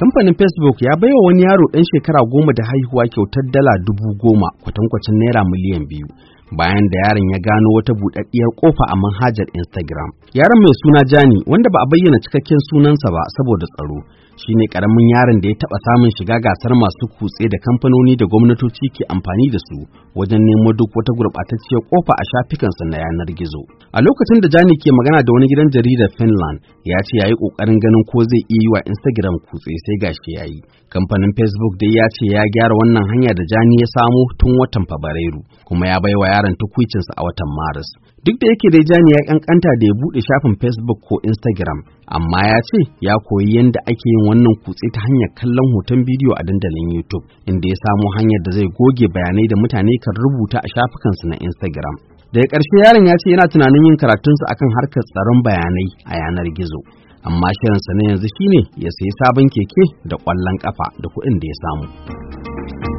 Kamfanin Facebook ya baiwa wani yaro ɗan shekara goma da haihuwa kyautar dala dubu goma kwatankwacin naira miliyan biyu bayan da yaron ya gano wata buɗaɗɗiyar ƙofa a manhajar Instagram. Yaron mai suna Jani wanda ba a bayyana cikakken sunansa ba saboda tsaro shine karamin yaron da ya taɓa samun shiga gasar masu kutse da kamfanoni da gwamnatoci ke amfani da su wajen nemo duk wata gurɓatacciyar ƙofa a shafikansa na yanar gizo. A lokacin da Jani ke magana da wani gidan jaridar Finland ya ce ya yi ƙoƙarin ganin ko zai iya yi wa Instagram kutse sai gashi ya yi. Kamfanin Facebook dai ya ce ya gyara wannan hanya da Jani ya samo tun watan Fabrairu kuma ya bai wa yaron tukwicinsa a watan Maris. Duk da yake dai Jani ya kankanta da ya buɗe shafin Facebook ko Instagram amma ya ce ya koyi yadda ake yin wannan kutse ta hanyar kallon hoton bidiyo a dandalin YouTube inda ya samo hanyar da zai goge bayanai da mutane kan rubuta a shafukansu na Instagram. Daga ƙarshe yaron ya ce yana tunanin yin karatunsa akan harkar tsaron bayanai a yanar gizo. Amma shirinsa na yanzu shine ya sayi sabon keke da ƙwallon ƙafa da kuɗin da ya samu.